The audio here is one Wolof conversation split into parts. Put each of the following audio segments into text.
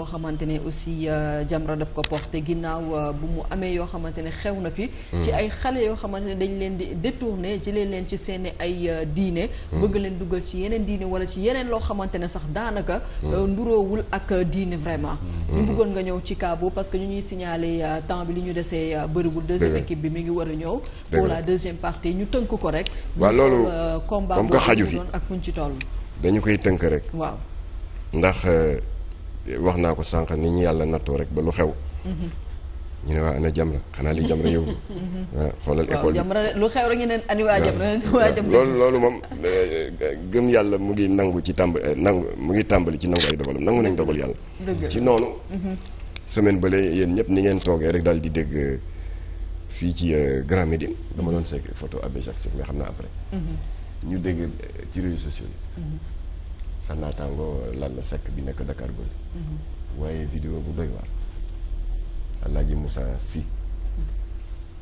boo xamante ne aussi euh, Jamra daf ko porté ginnaaw euh, bu mu amee yoo xamante ne xew na fi mm. ci ay xale yoo xamante ne dañ leen di détourné jëlee leen ci seen ay euh, diine mm. bëgg leen dugal ci yeneen diine wala ci yeneen loo xamante ne sax daanaka mm. nduroowul ak diine vraiment ñu bëggoon nga ñëw ci cas parce que ñu ñuy signalé temps bi li ñu desee bëriwul deuxième équipe bi mi ngi war a ñëw pour la deuxième partie ñu tënk ko rek waaw loolu combat boobu ak fuñ ci toll dañu koy tënk rek waaw ndax wax naa ko sànq ni ñu yàlla nattoo rek ba lu xew. ñu ne waa ana Jamra xanaa li Jamra yow. Ah, waaw xoolal école bi lu xew rek ñu ne ani waa Jamra ah, loolu moom eh, gëm yàlla mu ngi nangu ci tàmbali eh, nangu mu ngi tàmbali ci nangu ay dogalam nangu nañ dogal yàlla. ci noonu. Mhm. semaine bële yéen ñëpp ni ngeen toogee rek daal di dégg eh, fii ci Grand Médine dama doon seeg photo Abbé Jacques Seck mais xam naa après. Mhm. ñu dégg ci réseaux sociaux sa naataango Lalla sekk bi nekk Dakar Buzz mhm. waaye vidéo bu doy waar Alaaji Moussa Sy mhm.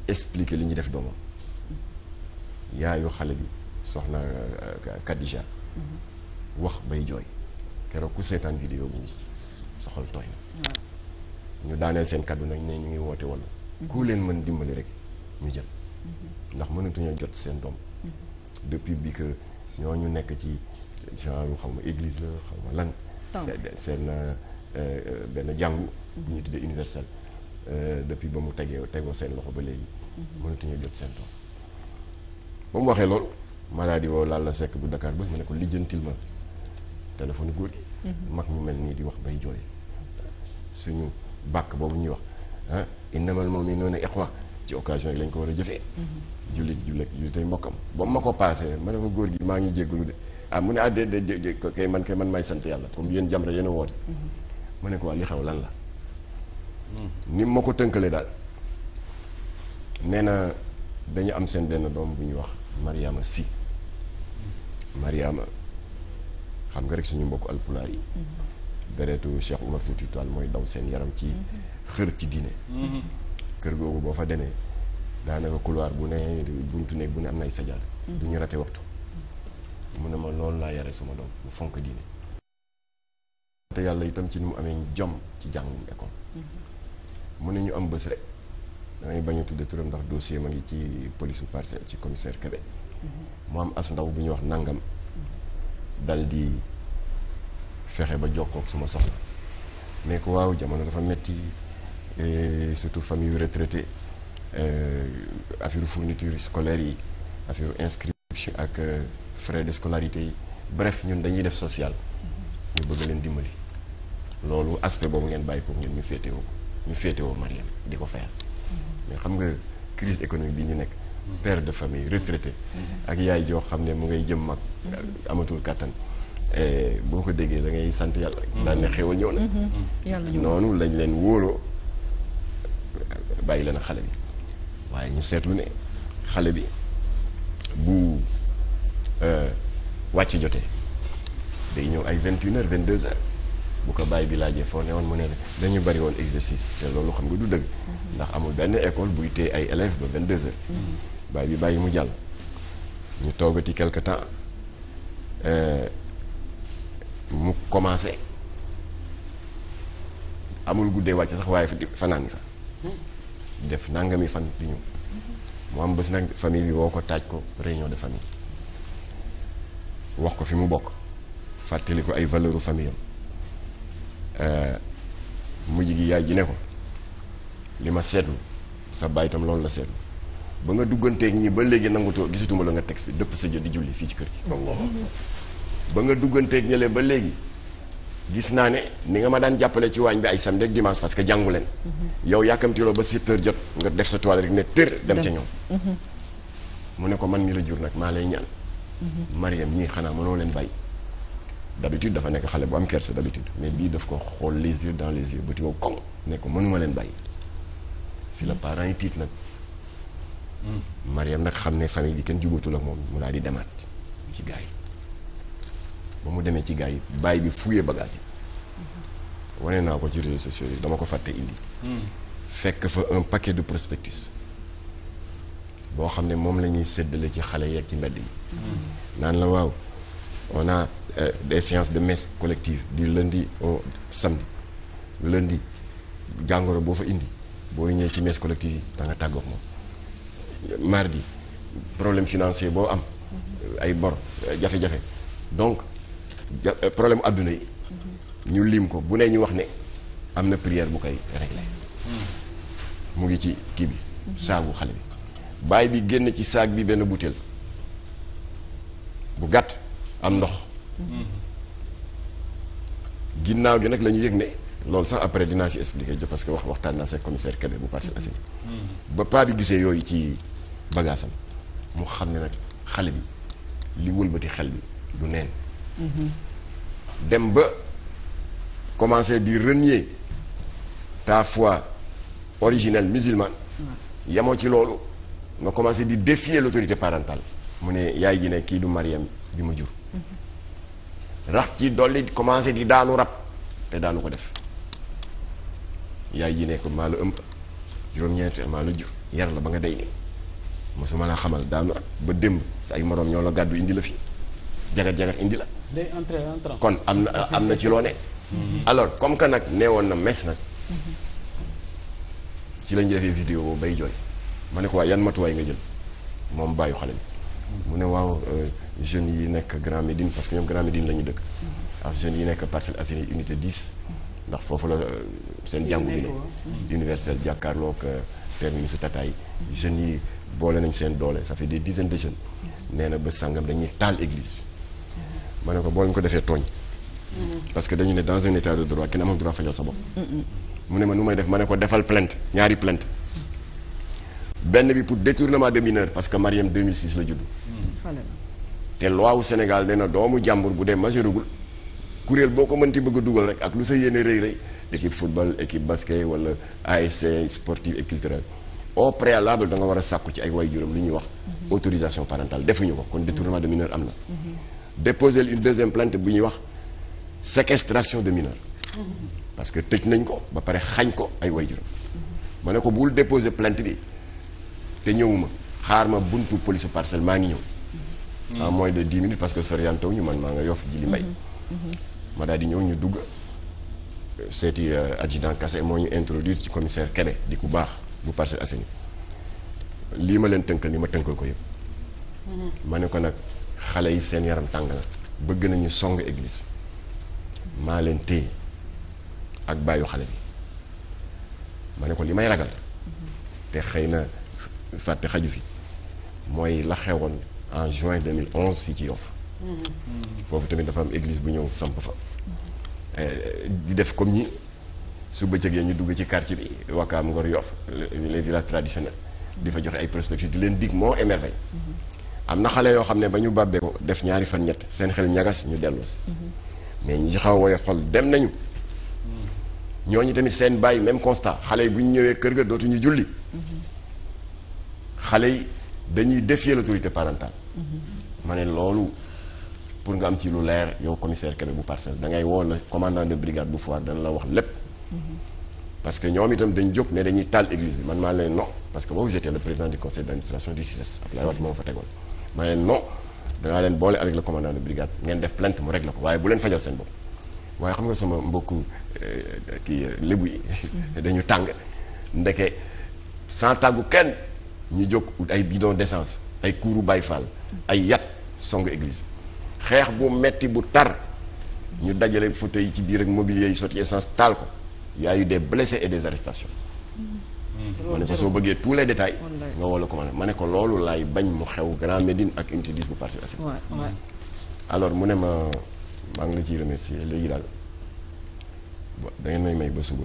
expliquer li ñuy def doomam mhm. yaayu xale bi soxna euh, Khadija wax bay jooy keroog ku seetaan vidéo bu soxal tooy na ñu daaneel seen kàddu nag ne ñu ngi woote wàllu ku leen mën dimbali rek ñu jël ndax mënatuñu jot seen doom depuis bi que ñoo ñu nekk ci genre xaw ma église la xaw ma lan. seen euh, euh, benn jàngu. bu ñu tuddee universel. Euh, depuis ba mu tegee tegoo seen loxo ba léegi. Mhm. mënatuñoo jot seen tool. ba mu waxee loolu. maladie woo laal la sekk bu dakaar ba mu ne ko lijjantil ma téléphone góor gi. Mhm. mag ñu mel nii di wax bay jooy. suñu bàkk boobu ñuy wax ah innamal mu'minuuna ixwa ci occasion yi lañ ko war a jëfee. Mhm. jullit jullit jullit ay mbokkam ba mu ma ko paasee ma ne ko góor gi maa ngi jégalu de. ah mu ne ah déedéet kay man kay man may sant yàlla comme yéen Jamra yéen a woote. Mm-hmm. ma ne ko waa li xew lan la. Mm. ni ma ko tënkalee daal nee na dañu am seen benn doom bu ñuy wax Mariama Si. Mm. Mariama xam nga rek suñu mbokk alpulaar yi. Mm-hmm. deretu Cheikh Oumar Fouti Tall mooy daw seen yaram ci mm-hmm. xër ci diine. kër googu boo fa demee daanaka couloir bu ne buntu nekk bu ne am nay sajaada. du ñu rate waxtu. mun ne ma loolu laa yare suma doom mu fonk diine te yàlla itam ci ni mu amee jom ci jàngum école mm-hmm. mu ne ñu am bés rek damay bañ a tudde turam ndax dossier ma ngi ci police parcelle ci commissaire Kébé mm-hmm. mu am as ndaw bu ñuy wax nangam mm-hmm. dal di fexe ba jokkoog suma soxla mais ko waaw jamono dafa metti eh, surtout famille retraité eh, affaire fourniture scolaire yi affaire inscrit marché ak euh, frais de scolarité yi bref ñun dañuy def social ñu bëgg leen dimbali loolu aspect boobu ngeen bàyyi foofu ngeen ñu féetewoo ñu féetewoo Mariam di ko fayal mais xam nga crise économique bi ñu nekk per de famille retraité ak yaay joo xam ne mu ngay jëm mag amatul kàttan boo ko déggee da ngay sant yàlla rek daan ne xéwal ñëw na noonu lañ leen wóoloo bàyyi leen a xale bi waaye ñu seetlu ne xale bi bu euh, wàcc jotee day ñëw ay vingt une vingt deux heures bu ko bàyyi bi laajee foo ne woon mu ne dañu bari woon exercice te loolu xam nga du dëgg ndax amul benn école buy téye ay élèves ba vingt deux heures bàyyi bi bàyyi mu jàll ñu toogati quelque temps euh, mu commencé amul guddee wàcc sax waaye fanaani fa def nangami fan di ñëw mu am bés nag famille bi woo ko taaj ko réunion de famille wax ko fi mu bokk fàttali ko ay valeuru famille am euh, mujj gi yaay ji ne ko li ma seetlu sa baay itam loolu la seetlu ba nga dugganteek ñii ba léegi nangutoo gisatuma la nga teg si dëpp sa jë di julli fii ci kër gi ba nga dugganteeg ñële ba léegi gis naa ne ni nga ma daan jàppale ci waañ bi ay samedi ak dimanche parce que jàngu yow yàkkamtiloo ba si heures jot nga def sa toile rek ne tër dem ca ñoom. Mhm. mu ne ko man ñi la jur nag maa lay ñaan. Mhm. Mariam ñii xanaa mënoo leen bàyyi. d'habitude dafa nekk xale bu am kersa d'habitude mais bii daf ko xool les yeux dans les yeux ba tiwo koŋ ne ko mënuma leen bàyyi si la parent yi tiit nag mhm. Mariam nag xam ne famille bi kenn jubatul ak moom mu daal di demaat ci gaa yi ba mu demee ci gars yi bàyyi bi fouillé bagages yi wane naa ko ci réseaux sociaux yi dama ko fàtte indi hmm. fekk fa un paquet de prospectus boo xam ne moom lañuy séddale ci xale yeeg ci mbedd yi hmm. naan la waaw on a euh, des séances de messe collective di lundi au samedi lundi jàngoro boo fa indi boo ñëwee ci messe collective yi da nga moom mardi problème financier boo am hmm. ay bor jafe-jafe donc Euh, problème àdduna yi ñu liim ko bu ne ñu wax ne am na prière bu kay réglé mu ngi ci kii bi saagu xale bi baay bi génn ci saag bi benn butéel bu gàtt am ndox ginnaaw gi nag la ñu yëg ne loolu sax après dinaa si expliquer jo parce que wax waxtaan naa seen commissaire Kébé bu Parcelles Assainies ba paa bi gisee yooyu ci bagaasam mu xam ne nag xale bi li wëlbati xel bi du neen dem ba commencer di renier ta foi originelle musulmane yamoo ci loolu nga commencer di défier l'autorité parentale mu ne yaay ji ne kii du Mariam bi ma jur mm-hmm. rax ci dolli commencer di daanu rab te daanu ko def yaay ji ne ko maa la ëmb juróom-ñeenti maa la jur yar la ba nga dey nii mosuma laa xamal daanu rab ba démb sa ay moroom ñoo la gàddu indi la fi jagat jagat indi la day en kon am na am na ci loo ne. Mhm. alors comme que nag nee woon na mes nag. Mhm. ci lañ defee vidéo boobu bay jooy ma ne ko waaye yan matuwaay nga jël moom bàyyi xale bi. mu ne waaw euh, jeunes yi nekk Grand Médine parce que ñoom Grand Médine la ñu dëkk. Mhm. ak jeunes yi nekk Parcelles Assainies unité diis ndax foofu la euh, seen jàngu bi ne. universel jàkkaarloo ak euh, terminus tataay jeunes yi boole nañ seen doole ça fait des dizaines de jeunes. nee na ba sàngam dañuy taal église. ma ne ko boo leen ko defee tooñ. Mm-hmm. parce que dañu ne dans un état de droit kenn amul droit fajal sa bopp. mu ne ma nu may def ma ne ko defal plainte ñaari plainte benn bi pour détournement de mineur parce que Mariam 2006 la judd. Mm-hmm. te loi wu Sénégal nee na doomu jàmbur bu dee majeurugul kuréel boo ko mënti bëgg dugal rek ak lu sa yéene rëy rëy équipe football équipe basket wala ASC sportive et culturelle au préalable da nga war a sàkku ci ay waajuram lu ñuy wax mm-hmm. autorisation parentale defuñu ko kon détournement de mineur am déposer une deuxième plante bu ñuy wax séquestration de mineur parce que tëj nañ ko ba pare xañ ko ay way wayjuram ma ne ko bul déposé plainte bi te ñëwuma xaar ma buntu police parcelle maa ngi ñëw mm-hmm. en mooy de dix minutes parce que soriantaw ñu man maa nga yof ji may mm-hmm. ma daal di ñëw ñu dugg seeti euh, adjudant kase moo ñu introduire ci commissaire kene di ku baax bu Parcelles Assainies lii ma leen tënkal ni ma tënkal ko yëpp mm-hmm. ma ne ko nag xale yi seen yaram tàng na bëgg nañu song église maa leen téye ak bàyyu xale bi ma ne ko li may ragal te xëy na fàtte xaju fi mooy la xewoon en juin mille 2011 fii ci Yoff foofu tamit dafa am église bu ñëw samp fa eh, di def comme ñi su bëccëgee ñu dugg ci quartier bi Wakaam Ngor Yoff les villages traditionnels di fa joxe ay prospectus di leen dig moo émerveille am na xale yoo xam ne ba ñu bàbbee ko def ñaari fan ñett seen xel ñagas ñu dellu si mais ñi xaw woy xol dem nañu ñoo ñooñu tamit seen bàyyi même constat xale yi bu ñu ñëwee kër ga dootuñu julli xale yi dañuy défier l'autorité parentale ma ne loolu pour nga am ci lu leer yow commissaire Kébé bu parcelle da ngay woo la commandant de brigade bu Foire dana la wax lépp parce que ñoom itam dañ jóg ne dañuy taal église bi man maa leen non parce que boobu j'étais fa tegoon ma ne non danaa leen boole avec le commandant de brigade ngeen def plainte mu régler ko waaye bu leen fajal seen bopp waaye xam nga sama mbokku euh, kii lébu yi mhm. dañu tàng ndeke sans tàggu kenn ñu jóg ay bidon d'essence ay kuuru Baay Faal ay yat song église xeex bu metti bu tar ñu dajale fauteuil yi ci biir ak mobilier yi sotti essence taal ko y a eu des blessés et des arrestations mhm. ma ne ko soo bëggee tous les détails nga woo la commandant ma ne ko loolu laay bañ mu xew Grand Médine ak unité 10 bu Parcelles Assainies alors mu ne ma maa ngi la ci remercier léegi daal da may may ba suba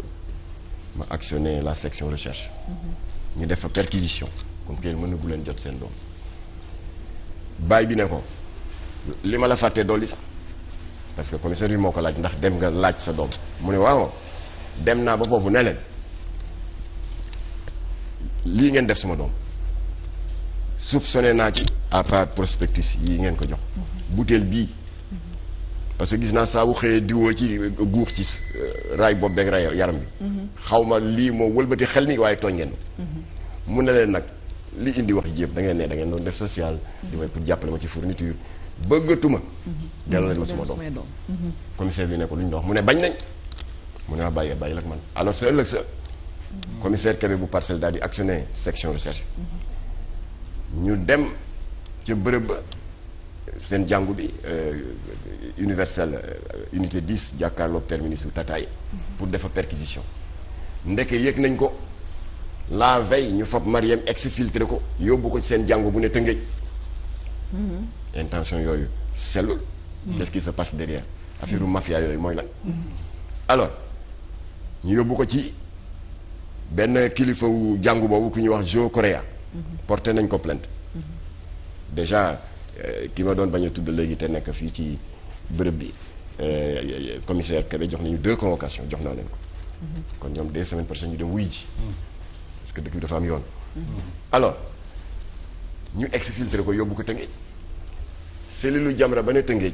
ma actionné la section recherche mm-hmm. ñu def fa perquisition comme kenn mën na leen jot seen doom baay bi ne ko li ma la fàttee dolli sax parce que commissaire yi moo ko laaj ndax dem nga laaj sa doom mu ne waaw dem naa ba foofu ne leen lii ngeen def sama doom soupçonné naa ci à part prospectus yi ngeen ko jox butéel bii parce que gis naa saa bu xëyee diwoo ci guux ci euh, raay bopp beeg raay yaram bi xawma lii moo wëlbati xel ni waaye tooñ ngeen mu ne leen nag li indi wax yëpp da ngeen ne da ngeen doon def social di pour jàppale ma ci fourniture bëggatuma delloo leen ma suma doom commissaire bi ne ko lu ñu doon wax mu ne bañ nañ mu ne ma bàyyi bàyyi lak man alors sa ëllëg sa commissaire Kébé bu parcelle daal di actionné section recherche ñu dem ca bërëb ba seen jàngu bi euh, universelle euh, unité 10 jàkkaarloog terminus bu Tataay pour defa perquisition ndeke yëg nañ ko la veille ñu fab Mariam exfiltré ko yóbbu ko ci seen jàngu bu ne Tëngéej mhm. intention yooyu sellul mhm. qu'est-ce qui se passe derrière affaire mafia yooyu mooy lan alors ñu yóbbu ko ci benn kilifa wu jàngu boobu ku ñuy wax Jo Korea porté nañ ko plainte déjà euh, ki ma doon bañ tudd léegi te nekk fii ci bërëb bi euh, commissaire Kébé jox nañu deux convocations jox naa leen ko kon ñoom deux semaines prochaines ñu dem wuy ji parce que dëkk bi dafa am yoon alors ñu exfiltré ko yóbbu ko Tëngéej cellule Jamra ba ne Tëngéej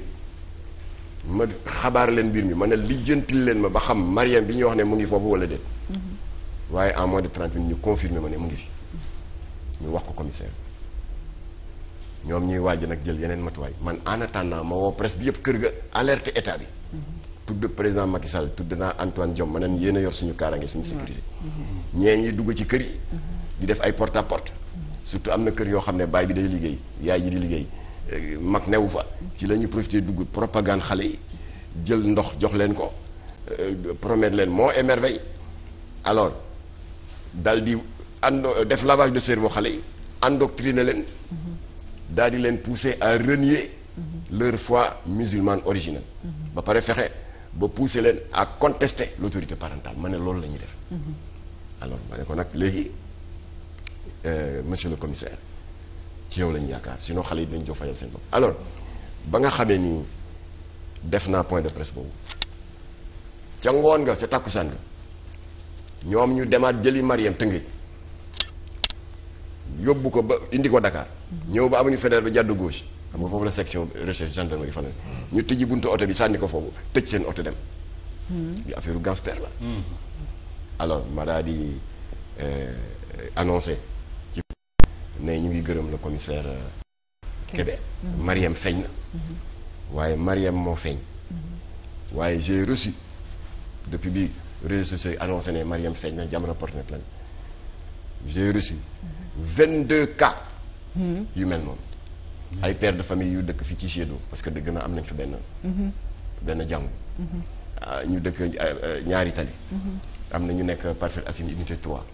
ma xabaar leen mbir mi ma ne lijjantil leen ma ba xam Mariam bi ñuy wax ne mu ngi foofu wala déet waaye en moins de trente minutes ñu confirmer ma ne mu ngi fi ñu wax ko commissaire ñoom ñuy waaj nag jël yeneen matuwaay man en attendant ma woo presse bi yëpp kër ga alerte état bi. tudd président Macky Sall tudd naa Antoine Diome ma ne yéen a yor suñu kaaraange suñu sécurité. ñee ñi dugg ci kër yi. di def ay porte à porte. surtout am na kër yoo xam ne baay bi day liggéey yaay ji di liggéey euh, mag newu fa. ci la ñuy profité dugg propagande xale yi jël ndox jox leen ko euh, promettre leen moo émerveille alors. dal di ando def lavage de cerveau xale yi endoctriner leen dal di leen pousser à renier leur foi musulmane originelle ba pare fexe ba pousser leen à contester l'autorité parentale ma ne loolu la ñuy def alors ma ne ko nag léegi euh, monsieur le commissaire ci yow la yaakaar sinon xale yi dinañ jox fayal seen bopp alors ba nga xamee ni def naa point de presse boobu ca ngoon nga sa tàkkusaan nga ñoom ñu demaat jëli Mariam Tëngéej yóbbu ko ba indi ko Dakar. ñëw ba amuñu fédéral ba jàddu gauche xam nga foofu la section recherche gendarmerie fan ñu tijji buntu oto bi sànni ko foofu tëj seen oto dem. li hmm. affaire gangster la. Hmm. alors ma daa di euh, annoncé ci ne ñu ngi gërëm le commissaire. Euh, Kébé hmm. Mariam feeñ na. waaye Mariam moo feeñ. waaye j'ai reçu depuis bi réseaux sociaux yi annoncé ne Mariam feeñ na Jamra porté na plainte j'ai reçu vingt deux cas yu mel noonu ay pères de famille yu dëkk fi ci Gédo parce que dëgg na am nañ fa benn benn jàmm ah, ñu dëkk euh, ñaari tali am na ñu nekk Parcelles Assainies unité 3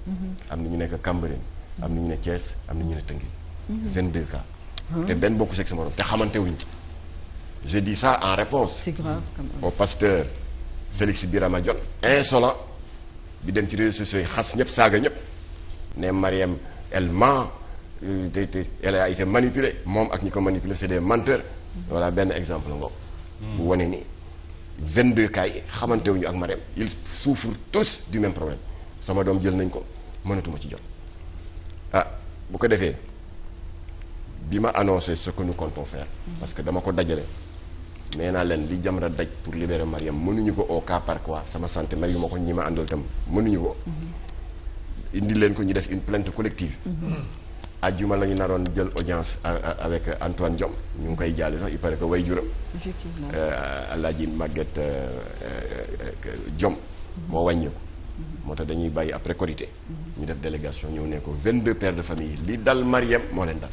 am na ñu nekk Cambérène am na ñu ne Thiès am na ñu ne Tëngéej vingt deux cas te benn bokku seeg sa te xamante wuñu je dis ça en réponse c'est grave, quand même. au pasteur Félix Birama Dione insolent bi dem ci réseaux sociaux yi xas ñëpp saaga ñëpp ne Mariam elle ment euh, te te elle a été manipulée moom ak ñi ko manipulé c'est des menteurs voilà benn exemple ngoog bu hmm. wane ni 22 cas yi xamante ak Mariam ils souffrent tous du même problème sama doom jël nañ ko mënatuma ci jot ah bu ko defee bi ma annoncé ce que nous comptons faire parce que dama ko dajale nee naa leen li Jamra daj pour libérer Mariam mënuñu ko au cas par cas sama santé mayu ma ko ñi ma àndal itam mënuñu ko. Mm-hmm. indi leen ko ñu def une plainte collective. Mm-hmm. ajjuma la ñu naroon jël audience avec Antoine Diome ñu ngi koy jaale sax il paraît que way juram. effectivement euh, Alaaji Maguette euh, euh, Diome mm-hmm. moo wàññeeku. moo tax dañuy bàyyi après Korité. ñu def délégation ñëw ne ko 22 pères de famille li dal Mariam moo leen dal.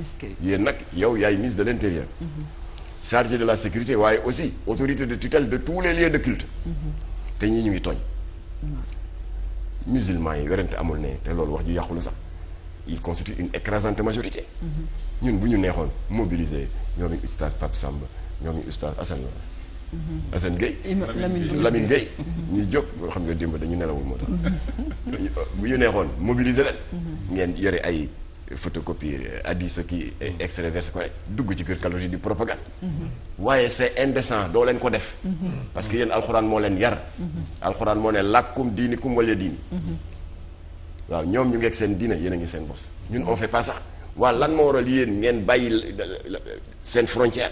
est que yéen nag yow yaay ministre de l'intérieur. chargé de la sécurité waaye aussi autorité de tutelle de tous les lieux de culte mm-hmm. te ñii ñu ngi tooñ mm-hmm. musulmans yi werante amul ne te loolu wax ju yàqu la sax il constitue une écrasante majorité mm-hmm. ñun bu ñu neexoon mobiliser ñoom i ustaz Pape Samb ñoom i ustaz Assane Assane Gueye Lamine Gueye ñu jóg boo xam nga démb dañu nelawul moo tax bu ñu neexoon mobiliser leen ngeen yore ay photocopier euh, addis ki mm-hmm. extrait versé ko rek dugg ci biir calorie di propagande mm-hmm. waaye c'est indécent doo leen ko def mm-hmm. parce que yéen alxuraan moo leen yar alxuraan moo ne làkkum diini kum wala diini waaw ñoom ñu ngeeg seen diine yéen a ngi seen bos ñun on fait pas waa lan moo waral yéen ngeen bàyyi seen frontière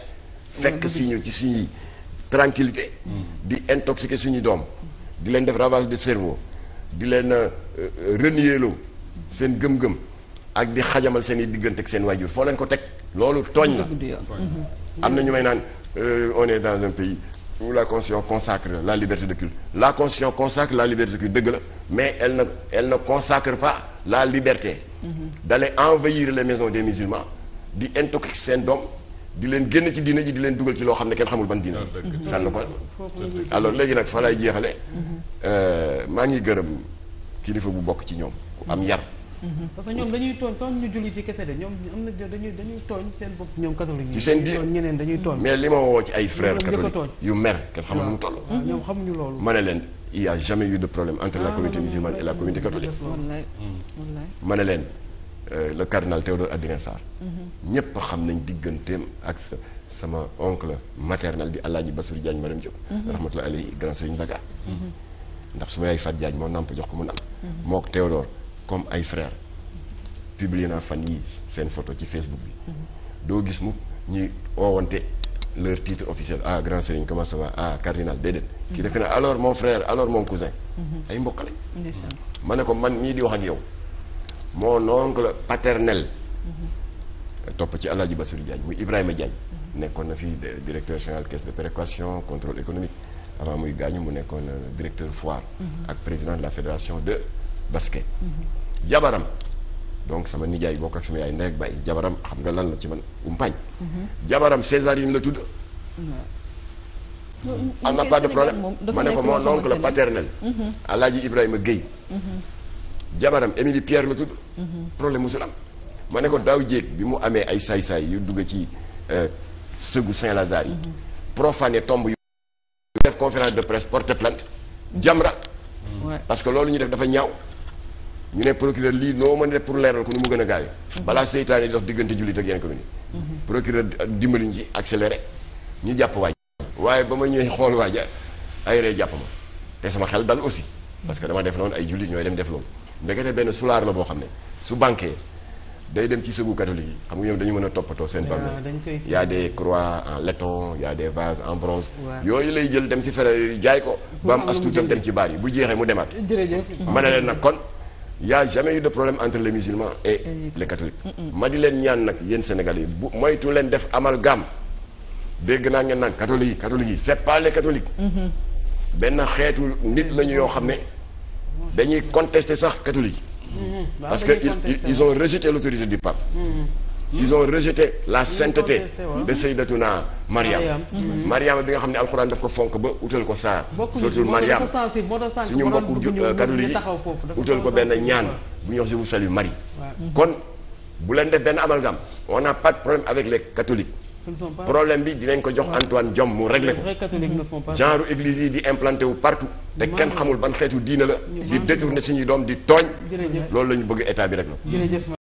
fekk si ñu ci suñuy tranquillité di intoxiquer suñu doom di leen def ravage de cerveau di leen euh, euh, renier loo seen gëm-gëm ak di xajamal seen i diggante ak seen waajur foo leen ko teg loolu tooñ la am na ñu may naan euh, on est dans un pays la constitution consacre la liberté de culte la constitution consacre la liberté de culte la mais elle ne elle ne consacre pas la liberté d'aller envahir les maisons des musulmans di intoxiquer seen doom di leen génn ci diina ji di leen dugal ci loo xam ne kenn xamul ban diina sànn ko alors léegi nag fa lay jeexale euh, maa ngi gërëm kilifa bu bokk ci ñoom ku Mm-hmm. parce que ñoom dañuy tooñ seen bopp ñoom catholique ci seen biir ñeneen li ma woo ci ay frères catholiques yu mer kenn xam na mu toll mm-hmm. ñoom xamuñu loolu ma leen il a jamais eu de problème entre la ah, communauté musulmane et la communauté catholique ma leen euh, le cardinal Théodore Adrien Sarr mm-hmm. ñépp xam nañ digganteem ak sa sama oncle maternel di Alaaji Bassirou Diagne Maram Diop rahmatullah alayhi ndax su ma yaay Fat Diagne moo nàmp jox ko mu nàmp mook Théodore comme ay frère publier naa fan yi seen photo ci Facebook bi doo gis mu ñuy oowante leur titre officiel ah grand Serigne comment ça va ah cardinal déedéet. kii def na alors mon frère alors mon cousin. Mhm. ay mbokk lañ. ma ne ko man ñii di wax ak yow. mon oncle paternel. Mhm. topp ci El Hadj Bassirou Diagne muy Ibrahima Diagne. Mhm. nekkoon na fii directeur général caisse de péréquation contrôle économique avant muy gaañu mu nekkoon euh, directeur foire. ak président de la fédération de. basket. jabaram donc sama nijaay bokk ak sama yaay ndey ak jabaram xam nga lan la ci man umpañ. jabaram Césarine la tudd. am na pas de problème ma ne ko mhm. Ibrahima Guèye. Mhm. jabaram la tudd. Mhm. problème ma ne ko daaw jéeg bi mu amee ay saay-saay yu dugg ci euh, sëgu Saint-Lazare yi. profané tomb yu def conférence de presse porte plainte. Jamra parce que loolu ñu def dafa ñaaw. ñu ne procureur lii noo mën a pour leeral ko ni mu gën a gaaw balaa seytaane dox diggante jullit ak yeneen commune yi procureur dimbali ñu ci selere ñu jàpp waaj waaye ba ma ñëwee xool waaja ay ree jàpp ma te sama xel dal aussi parce que dama def noonu ay jullit ñooy dem def loolu ndekete benn sulaar la boo xam ne su banqué day dem ci sëgu catholique yi xam nga ñoom dañu mën a toppatoo seen bàmmeel y a des croix en laiton y a des en bronze yooyu lay jël dem si fere jaay ko ba am astuutam dem ci baar yi bu jeexee mu demaat ma ne leen nag kon y a jamais de problème entre les musulmans et les catholiques ma di leen ñaan nag yéen Sénégalais yi bu moytu leen def amalgame dégg naa ngeen naan catholiques yi catholiques yi c'est pas les catholiques mm-hmm. benn xeetu nit la yoo xam ne dañuy contester sax catholique yi mm-hmm. parce que ils, ils ont l'autorité du pape mm-hmm. ils ont rejeté la sainteté de Sayyidatuna Mariam mm-hmm. Mm-hmm. Mariam bi nga xam ne alxuraan daf ko fonk ba utal ko saar surtout Mariam suñu mbokk catholique euh, yi utal ko benn ñaan bu ñu wax je vous salue Marie kon bu leen def benn amalgame on n'a pas de problème avec les catholiques problème bi dinañ ko jox Antoine Diom mu réglé ko genre église yi di implanté wu partout te kenn xamul ban xeetu diina la di si ñuy doom di tooñ loolu lañu bëgg état bi rek la